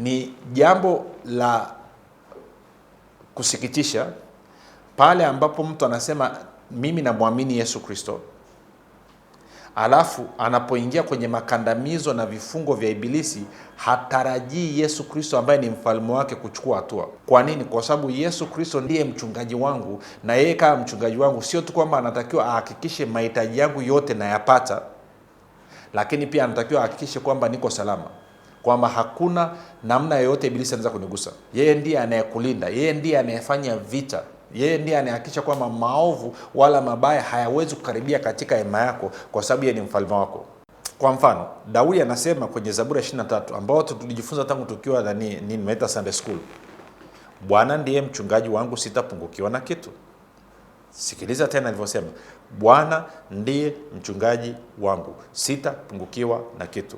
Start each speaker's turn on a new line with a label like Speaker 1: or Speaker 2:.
Speaker 1: Ni jambo la kusikitisha pale ambapo mtu anasema mimi namwamini Yesu Kristo, alafu anapoingia kwenye makandamizo na vifungo vya Ibilisi hatarajii Yesu Kristo ambaye ni mfalme wake kuchukua hatua. Kwa nini? Kwa sababu Yesu Kristo ndiye mchungaji wangu, na yeye kama mchungaji wangu sio tu kwamba anatakiwa ahakikishe mahitaji yangu yote nayapata, lakini pia anatakiwa ahakikishe kwamba niko salama kwamba hakuna namna yoyote ibilisi anaweza kunigusa. Yeye ndiye anayekulinda, yeye ndiye anayefanya vita, yeye ndiye anayehakikisha kwamba maovu wala mabaya hayawezi kukaribia katika hema yako, kwa sababu yeye ni mfalme wako. Kwa mfano, Daudi anasema kwenye Zaburi ya 23 ambao tulijifunza tangu tukiwa nani, nimeita Sunday school, Bwana ndiye mchungaji wangu, sitapungukiwa na kitu. Sikiliza tena alivyosema, Bwana ndiye mchungaji wangu, sitapungukiwa na kitu.